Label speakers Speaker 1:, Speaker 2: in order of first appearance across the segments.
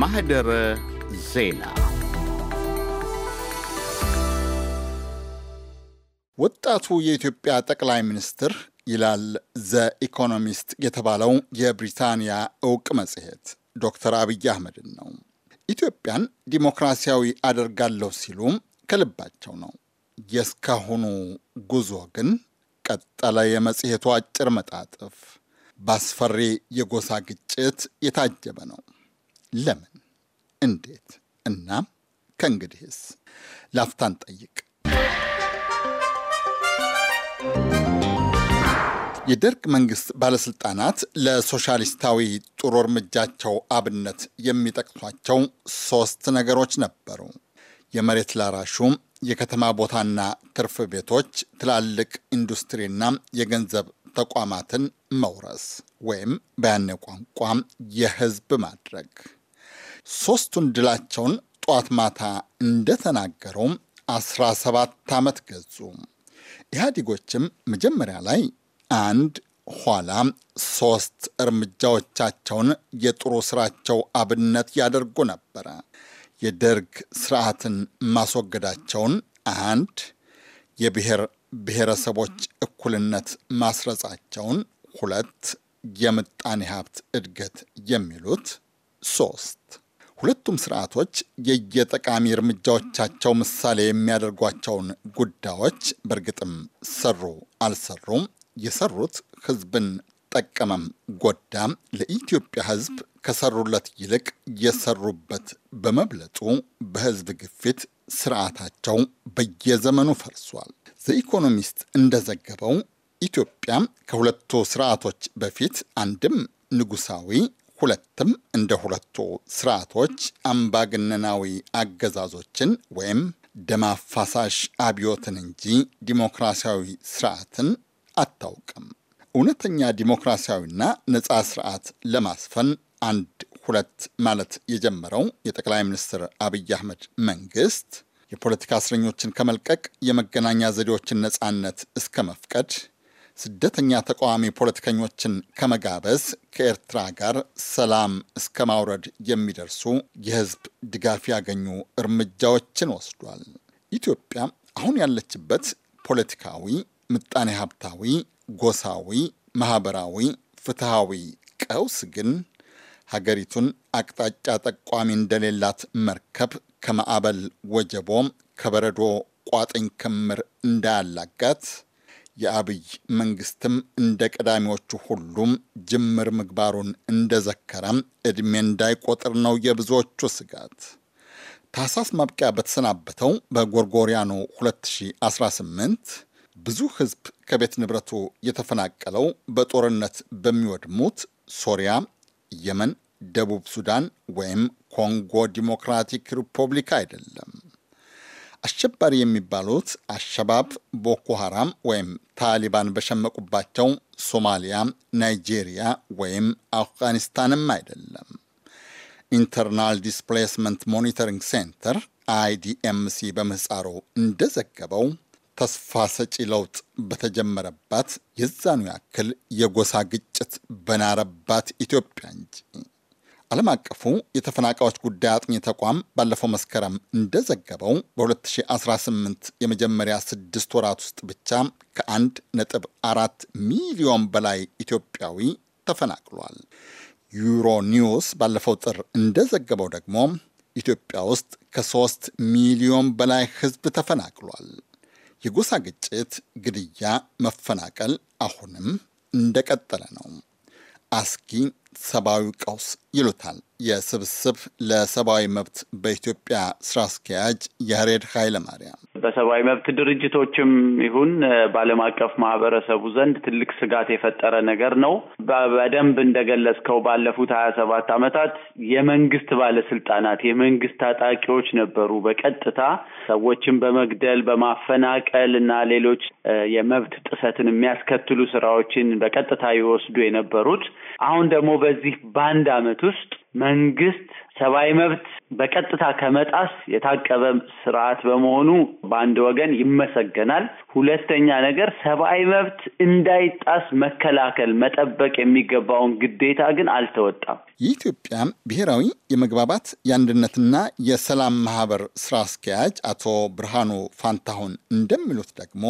Speaker 1: ማህደረ ዜና ወጣቱ የኢትዮጵያ ጠቅላይ ሚኒስትር ይላል ዘ ኢኮኖሚስት የተባለው የብሪታንያ እውቅ መጽሔት ዶክተር አብይ አህመድን ነው። ኢትዮጵያን ዲሞክራሲያዊ አደርጋለሁ ሲሉ ከልባቸው ነው። የእስካሁኑ ጉዞ ግን ቀጠለ። የመጽሔቱ አጭር መጣጥፍ በአስፈሪ የጎሳ ግጭት የታጀበ ነው። ለምን፣ እንዴት እናም ከእንግዲህስ ላፍታን ጠይቅ። የደርግ መንግስት ባለስልጣናት ለሶሻሊስታዊ ጥሩ እርምጃቸው አብነት የሚጠቅሷቸው ሶስት ነገሮች ነበሩ። የመሬት ላራሹ፣ የከተማ ቦታና ትርፍ ቤቶች፣ ትላልቅ ኢንዱስትሪና የገንዘብ ተቋማትን መውረስ ወይም በያኔ ቋንቋ የህዝብ ማድረግ። ሶስቱን ድላቸውን ጧት ማታ እንደተናገሩ 17 ዓመት ገዙ። ኢህአዴጎችም መጀመሪያ ላይ አንድ ኋላ ሶስት እርምጃዎቻቸውን የጥሩ ስራቸው አብነት ያደርጉ ነበረ። የደርግ ስርዓትን ማስወገዳቸውን፣ አንድ የብሔር ብሔረሰቦች እኩልነት ማስረጻቸውን፣ ሁለት የምጣኔ ሀብት እድገት የሚሉት ሶስት ሁለቱም ስርዓቶች የየጠቃሚ እርምጃዎቻቸው ምሳሌ የሚያደርጓቸውን ጉዳዮች በእርግጥም ሰሩ አልሰሩም፣ የሰሩት ህዝብን ጠቀመም ጎዳም፣ ለኢትዮጵያ ህዝብ ከሰሩለት ይልቅ የሰሩበት በመብለጡ በህዝብ ግፊት ስርዓታቸው በየዘመኑ ፈርሷል። ዘኢኮኖሚስት እንደዘገበው ኢትዮጵያ ከሁለቱ ስርዓቶች በፊት አንድም ንጉሳዊ ሁለትም እንደ ሁለቱ ስርዓቶች አምባገነናዊ አገዛዞችን ወይም ደም አፋሳሽ አብዮትን እንጂ ዲሞክራሲያዊ ስርዓትን አታውቅም። እውነተኛ ዲሞክራሲያዊና ነፃ ስርዓት ለማስፈን አንድ ሁለት ማለት የጀመረው የጠቅላይ ሚኒስትር አብይ አህመድ መንግስት የፖለቲካ እስረኞችን ከመልቀቅ የመገናኛ ዘዴዎችን ነፃነት እስከ መፍቀድ ስደተኛ ተቃዋሚ ፖለቲከኞችን ከመጋበዝ ከኤርትራ ጋር ሰላም እስከ ማውረድ የሚደርሱ የህዝብ ድጋፍ ያገኙ እርምጃዎችን ወስዷል። ኢትዮጵያ አሁን ያለችበት ፖለቲካዊ፣ ምጣኔ ሀብታዊ፣ ጎሳዊ፣ ማህበራዊ፣ ፍትሐዊ ቀውስ ግን ሀገሪቱን አቅጣጫ ጠቋሚ እንደሌላት መርከብ ከማዕበል ወጀቦም ከበረዶ ቋጥኝ ክምር እንዳያላጋት የአብይ መንግስትም እንደ ቀዳሚዎቹ ሁሉም ጅምር ምግባሩን እንደዘከረም እድሜ እንዳይቆጥር ነው የብዙዎቹ ስጋት። ታህሳስ ማብቂያ በተሰናበተው በጎርጎሪያኑ 2018 ብዙ ህዝብ ከቤት ንብረቱ የተፈናቀለው በጦርነት በሚወድሙት ሶሪያ፣ የመን፣ ደቡብ ሱዳን ወይም ኮንጎ ዲሞክራቲክ ሪፐብሊክ አይደለም። አሸባሪ የሚባሉት አሸባብ፣ ቦኮ ሀራም ወይም ታሊባን በሸመቁባቸው ሶማሊያ፣ ናይጄሪያ ወይም አፍጋኒስታንም አይደለም። ኢንተርናል ዲስፕሌስመንት ሞኒተሪንግ ሴንተር አይዲኤምሲ በምህፃሩ እንደዘገበው ተስፋ ሰጪ ለውጥ በተጀመረባት የዛኑ ያክል የጎሳ ግጭት በናረባት ኢትዮጵያ እንጂ ዓለም አቀፉ የተፈናቃዮች ጉዳይ አጥኚ ተቋም ባለፈው መስከረም እንደዘገበው በ2018 የመጀመሪያ ስድስት ወራት ውስጥ ብቻ ከአንድ ነጥብ አራት ሚሊዮን በላይ ኢትዮጵያዊ ተፈናቅሏል። ዩሮ ኒውስ ባለፈው ጥር እንደዘገበው ደግሞ ኢትዮጵያ ውስጥ ከሶስት ሚሊዮን በላይ ሕዝብ ተፈናቅሏል። የጎሳ ግጭት፣ ግድያ፣ መፈናቀል አሁንም እንደቀጠለ ነው። አስጊ ሰብአዊ ቀውስ ይሉታል የስብስብ ለሰብአዊ መብት በኢትዮጵያ ስራ አስኪያጅ ያሬድ ኃይለማርያም
Speaker 2: በሰብአዊ መብት ድርጅቶችም ይሁን በዓለም አቀፍ ማህበረሰቡ ዘንድ ትልቅ ስጋት የፈጠረ ነገር ነው። በደንብ እንደገለጽከው ባለፉት ሀያ ሰባት ዓመታት የመንግስት ባለስልጣናት፣ የመንግስት ታጣቂዎች ነበሩ በቀጥታ ሰዎችን በመግደል በማፈናቀል እና ሌሎች የመብት ጥሰትን የሚያስከትሉ ስራዎችን በቀጥታ ይወስዱ የነበሩት። አሁን ደግሞ በዚህ በአንድ አመት ሂደት ውስጥ መንግስት ሰብአዊ መብት በቀጥታ ከመጣስ የታቀበ ስርዓት በመሆኑ በአንድ ወገን ይመሰገናል። ሁለተኛ ነገር ሰብአዊ መብት እንዳይጣስ መከላከል፣ መጠበቅ የሚገባውን ግዴታ
Speaker 1: ግን አልተወጣም። የኢትዮጵያ ብሔራዊ የመግባባት የአንድነትና የሰላም ማህበር ስራ አስኪያጅ አቶ ብርሃኑ ፋንታሁን እንደሚሉት ደግሞ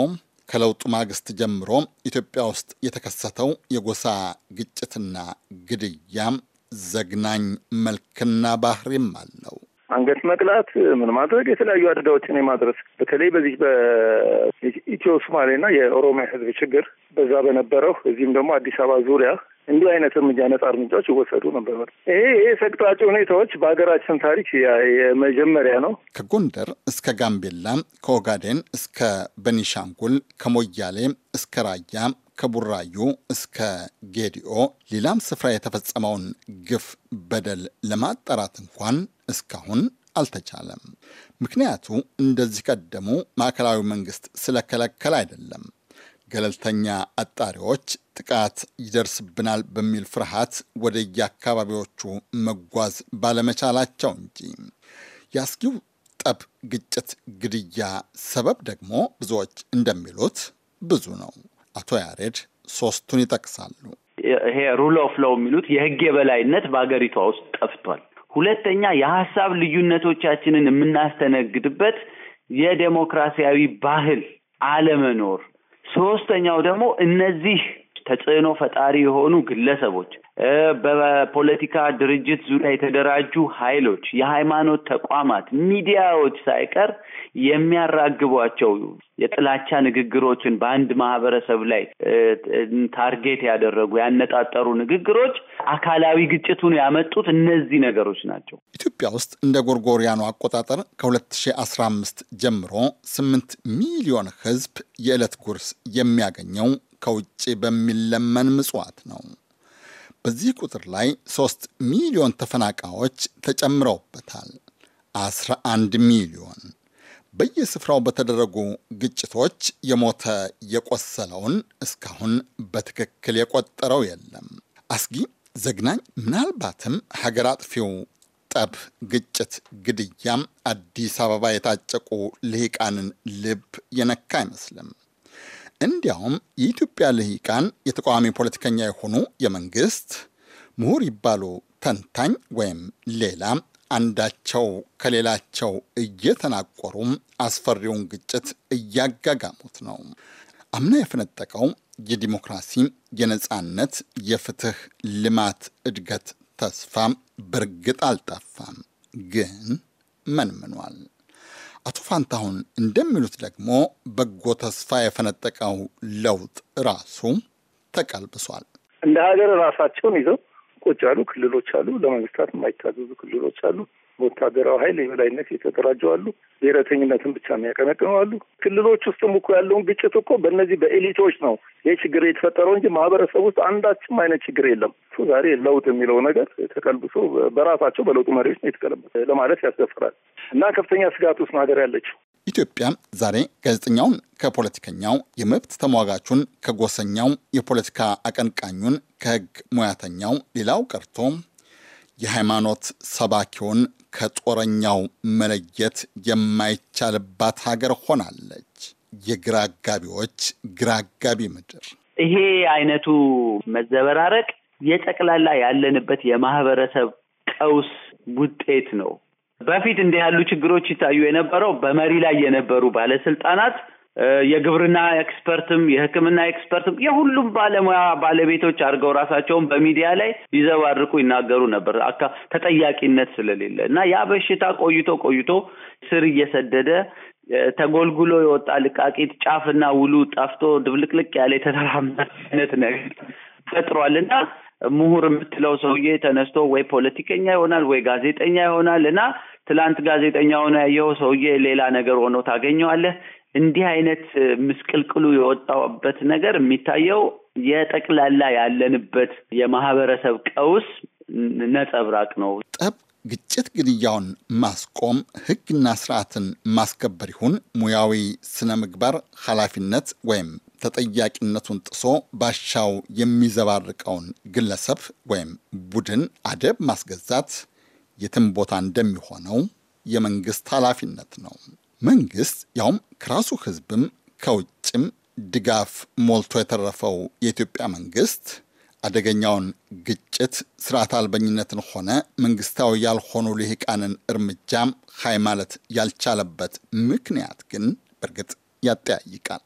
Speaker 1: ከለውጡ ማግስት ጀምሮ ኢትዮጵያ ውስጥ የተከሰተው የጎሳ ግጭትና ግድያም ዘግናኝ መልክና ባህሪም አለው።
Speaker 3: አንገት መቅላት፣ ምን ማድረግ፣ የተለያዩ አደጋዎችን የማድረስ በተለይ በዚህ በኢትዮ ሶማሌና የኦሮሚያ ሕዝብ ችግር በዛ በነበረው እዚህም ደግሞ አዲስ አበባ ዙሪያ እንዲህ አይነት እርምጃ ነጻ እርምጃዎች ይወሰዱ ነበር። ይሄ ይሄ ሰቅጣጭ ሁኔታዎች በሀገራችን ታሪክ የመጀመሪያ
Speaker 1: ነው። ከጎንደር እስከ ጋምቤላ፣ ከኦጋዴን እስከ በኒሻንጉል፣ ከሞያሌ እስከ ራያ ከቡራዩ እስከ ጌዲኦ ሌላም ስፍራ የተፈጸመውን ግፍ በደል ለማጣራት እንኳን እስካሁን አልተቻለም። ምክንያቱ እንደዚህ ቀደሙ ማዕከላዊ መንግስት ስለከለከል አይደለም። ገለልተኛ አጣሪዎች ጥቃት ይደርስብናል በሚል ፍርሃት ወደየአካባቢዎቹ መጓዝ ባለመቻላቸው እንጂ የአስጊው ጠብ፣ ግጭት፣ ግድያ ሰበብ ደግሞ ብዙዎች እንደሚሉት ብዙ ነው። አቶ ያሬድ ሶስቱን ይጠቅሳሉ።
Speaker 2: ይሄ ሩል ኦፍ ሎው የሚሉት የህግ የበላይነት በሀገሪቷ ውስጥ ጠፍቷል። ሁለተኛ የሀሳብ ልዩነቶቻችንን የምናስተነግድበት የዴሞክራሲያዊ ባህል አለመኖር። ሶስተኛው ደግሞ እነዚህ ተጽዕኖ ፈጣሪ የሆኑ ግለሰቦች በፖለቲካ ድርጅት ዙሪያ የተደራጁ ኃይሎች፣ የሃይማኖት ተቋማት፣ ሚዲያዎች ሳይቀር የሚያራግቧቸው የጥላቻ ንግግሮችን በአንድ ማህበረሰብ ላይ ታርጌት ያደረጉ ያነጣጠሩ ንግግሮች
Speaker 1: አካላዊ ግጭቱን ያመጡት እነዚህ ነገሮች ናቸው። ኢትዮጵያ ውስጥ እንደ ጎርጎሪያኑ አቆጣጠር ከ2015 ጀምሮ 8 ሚሊዮን ህዝብ የዕለት ጉርስ የሚያገኘው ከውጭ በሚለመን ምጽዋት ነው። በዚህ ቁጥር ላይ 3 ሚሊዮን ተፈናቃዮች ተጨምረውበታል። 11 ሚሊዮን በየስፍራው በተደረጉ ግጭቶች የሞተ የቆሰለውን እስካሁን በትክክል የቆጠረው የለም። አስጊ፣ ዘግናኝ፣ ምናልባትም ሀገር አጥፊው ጠብ፣ ግጭት፣ ግድያም አዲስ አበባ የታጨቁ ልሂቃንን ልብ የነካ አይመስልም። እንዲያውም የኢትዮጵያ ልሂቃን የተቃዋሚ ፖለቲከኛ የሆኑ የመንግስት ምሁር ይባሉ ተንታኝ ወይም ሌላ አንዳቸው ከሌላቸው እየተናቆሩም አስፈሪውን ግጭት እያጋጋሙት ነው። አምና የፈነጠቀው የዲሞክራሲ፣ የነጻነት፣ የፍትህ፣ ልማት፣ እድገት ተስፋ በእርግጥ አልጠፋም፣ ግን መንምኗል። አቶ ፋንታሁን እንደሚሉት ደግሞ በጎ ተስፋ የፈነጠቀው ለውጥ ራሱ ተቀልብሷል።
Speaker 3: እንደ ሀገር ራሳቸውን ይዘው ቁጭ ያሉ ክልሎች አሉ፣ ለመንግስታት የማይታዘዙ ክልሎች አሉ። በወታደራዊ ኃይል የበላይነት የተደራጁ አሉ። ብሔረተኝነትን ብቻ የሚያቀነቅነው አሉ። ክልሎች ውስጥም እኮ ያለውን ግጭት እኮ በእነዚህ በኤሊቶች ነው ይህ ችግር የተፈጠረው እንጂ ማህበረሰብ ውስጥ አንዳችም አይነት ችግር የለም። ዛሬ ለውጥ የሚለው ነገር ተቀልብሶ በራሳቸው በለውጡ መሪዎች ነው የተቀለበሰ ለማለት ያስደፍራል እና ከፍተኛ ስጋት ውስጥ ሀገር ያለችው
Speaker 1: ኢትዮጵያ ዛሬ ጋዜጠኛውን ከፖለቲከኛው፣ የመብት ተሟጋቹን ከጎሰኛው፣ የፖለቲካ አቀንቃኙን ከህግ ሙያተኛው ሌላው ቀርቶም የሃይማኖት ሰባኪውን ከጦረኛው መለየት የማይቻልባት ሀገር ሆናለች። የግራ አጋቢዎች ግራ አጋቢ ምድር።
Speaker 2: ይሄ አይነቱ መዘበራረቅ የጠቅላላ ያለንበት የማህበረሰብ ቀውስ ውጤት ነው። በፊት እንዲህ ያሉ ችግሮች ይታዩ የነበረው በመሪ ላይ የነበሩ ባለስልጣናት የግብርና ኤክስፐርትም የሕክምና ኤክስፐርትም የሁሉም ባለሙያ ባለቤቶች አድርገው ራሳቸውን በሚዲያ ላይ ይዘባርቁ ይናገሩ ነበር አካ ተጠያቂነት ስለሌለ እና ያ በሽታ ቆይቶ ቆይቶ ስር እየሰደደ ተጎልጉሎ የወጣ ልቃቂት ጫፍና ውሉ ጠፍቶ ድብልቅልቅ ያለ የተተራመ አይነት ነገር ፈጥሯል እና ምሁር የምትለው ሰውዬ ተነስቶ ወይ ፖለቲከኛ ይሆናል ወይ ጋዜጠኛ ይሆናል እና ትላንት ጋዜጠኛ ሆኖ ያየኸው ሰውዬ ሌላ ነገር ሆኖ ታገኘዋለህ። እንዲህ አይነት ምስቅልቅሉ የወጣበት ነገር የሚታየው የጠቅላላ ያለንበት የማህበረሰብ ቀውስ
Speaker 1: ነጸብራቅ ነው። ጠብ፣ ግጭት፣ ግድያውን ማስቆም ህግና ስርዓትን ማስከበር ይሁን ሙያዊ ስነ ምግባር ኃላፊነት ወይም ተጠያቂነቱን ጥሶ ባሻው የሚዘባርቀውን ግለሰብ ወይም ቡድን አደብ ማስገዛት የትም ቦታ እንደሚሆነው የመንግስት ኃላፊነት ነው። መንግስት ያውም ከራሱ ህዝብም ከውጭም ድጋፍ ሞልቶ የተረፈው የኢትዮጵያ መንግስት አደገኛውን ግጭት፣ ስርዓት አልበኝነትን ሆነ መንግስታዊ ያልሆኑ ልሂቃንን እርምጃም ሀይ ማለት ያልቻለበት ምክንያት ግን በእርግጥ ያጠያይቃል።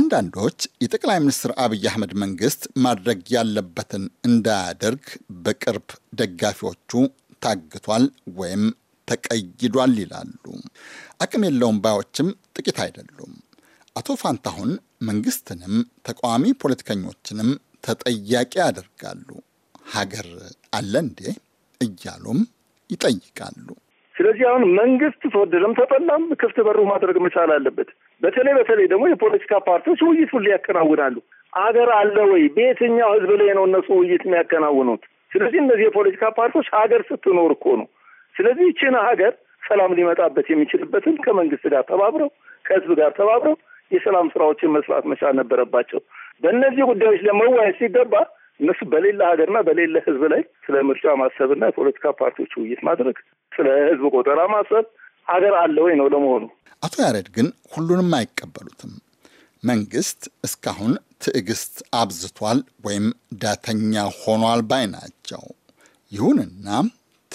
Speaker 1: አንዳንዶች የጠቅላይ ሚኒስትር አብይ አህመድ መንግስት ማድረግ ያለበትን እንዳያደርግ በቅርብ ደጋፊዎቹ ታግቷል ወይም ተቀይዷል ይላሉ። አቅም የለውም ባዮችም ጥቂት አይደሉም። አቶ ፋንታሁን መንግስትንም ተቃዋሚ ፖለቲከኞችንም ተጠያቂ ያደርጋሉ። ሀገር አለ እንዴ እያሉም ይጠይቃሉ።
Speaker 3: ስለዚህ አሁን መንግስት ተወደደም ተጠላም ክፍት በሩ ማድረግ መቻል አለበት። በተለይ በተለይ ደግሞ የፖለቲካ ፓርቲዎች ውይይት ሁሉ ያከናውናሉ። አገር አለ ወይ? በየትኛው ህዝብ ላይ ነው እነሱ ውይይት የሚያከናውኑት? ስለዚህ እነዚህ የፖለቲካ ፓርቲዎች ሀገር ስትኖር እኮ ነው ስለዚህ ይችን ሀገር ሰላም ሊመጣበት የሚችልበትን ከመንግስት ጋር ተባብረው ከህዝብ ጋር ተባብረው የሰላም ስራዎችን መስራት መቻል ነበረባቸው። በእነዚህ ጉዳዮች ለመዋየት ሲገባ እነሱ በሌለ ሀገርና በሌለ ህዝብ ላይ ስለ ምርጫ ማሰብና የፖለቲካ ፓርቲዎች ውይይት ማድረግ፣ ስለ ህዝብ ቆጠራ ማሰብ ሀገር አለ ወይ ነው ለመሆኑ።
Speaker 1: አቶ ያሬድ ግን ሁሉንም አይቀበሉትም። መንግስት እስካሁን ትዕግስት አብዝቷል ወይም ዳተኛ ሆኗል ባይ ናቸው። ይሁንና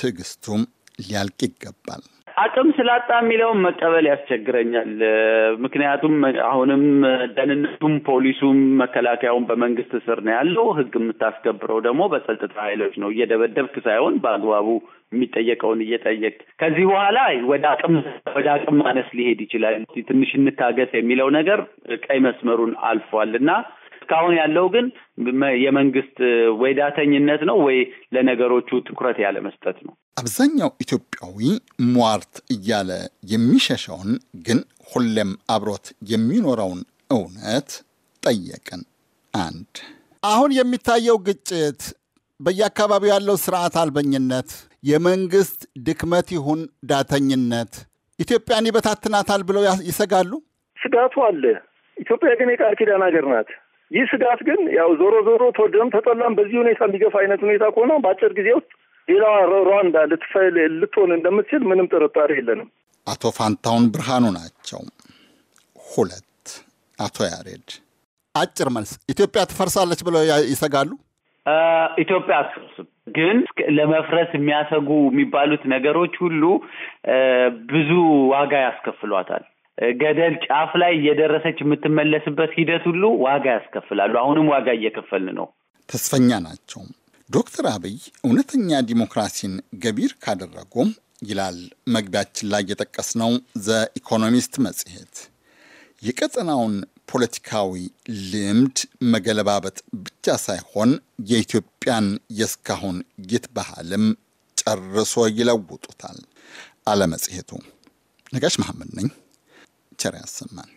Speaker 1: ትዕግስቱም ሊያልቅ ይገባል።
Speaker 2: አቅም ስላጣ የሚለውን መቀበል ያስቸግረኛል። ምክንያቱም አሁንም ደህንነቱም፣ ፖሊሱም፣ መከላከያውን በመንግስት ስር ነው ያለው። ህግ የምታስከብረው ደግሞ በጸጥታ ኃይሎች ነው። እየደበደብክ ሳይሆን በአግባቡ የሚጠየቀውን እየጠየቅ ከዚህ በኋላ ወደ አቅም ወደ አቅም ማነስ ሊሄድ ይችላል። ትንሽ እንታገስ የሚለው ነገር ቀይ መስመሩን አልፏል እና እስካሁን ያለው ግን የመንግስት ወይ ዳተኝነት ነው ወይ ለነገሮቹ ትኩረት ያለ መስጠት ነው።
Speaker 1: አብዛኛው ኢትዮጵያዊ ሟርት እያለ የሚሸሸውን ግን ሁሌም አብሮት የሚኖረውን እውነት ጠየቅን። አንድ አሁን የሚታየው ግጭት፣ በየአካባቢው ያለው ስርዓት አልበኝነት የመንግስት ድክመት ይሁን ዳተኝነት ኢትዮጵያን ይበታትናታል ብለው ይሰጋሉ። ስጋቱ አለ። ኢትዮጵያ ግን
Speaker 3: የቃል ኪዳን ሀገር ናት። ይህ ስጋት ግን ያው ዞሮ ዞሮ ተወደደም ተጠላም በዚህ ሁኔታ የሚገፋ አይነት ሁኔታ ከሆነ በአጭር ጊዜ ውስጥ ሌላዋ ሩዋንዳ ልትፈል ልትሆን እንደምትችል ምንም ጥርጣሬ የለንም።
Speaker 1: አቶ ፋንታውን ብርሃኑ ናቸው። ሁለት አቶ ያሬድ አጭር መልስ። ኢትዮጵያ ትፈርሳለች ብለው ይሰጋሉ? ኢትዮጵያ
Speaker 2: አትፈርስም፣ ግን ለመፍረስ የሚያሰጉ የሚባሉት ነገሮች ሁሉ ብዙ ዋጋ ያስከፍሏታል። ገደል ጫፍ ላይ እየደረሰች የምትመለስበት ሂደት ሁሉ ዋጋ ያስከፍላሉ። አሁንም ዋጋ እየከፈልን ነው።
Speaker 1: ተስፈኛ ናቸው ዶክተር አብይ እውነተኛ ዲሞክራሲን ገቢር ካደረጉም ይላል መግቢያችን ላይ የጠቀስነው ዘኢኮኖሚስት መጽሔት የቀጠናውን ፖለቲካዊ ልምድ መገለባበጥ ብቻ ሳይሆን የኢትዮጵያን የእስካሁን ጌት ባህልም ጨርሶ ይለውጡታል አለ መጽሔቱ። ነጋሽ መሐመድ ነኝ። ቸር ያሰማን።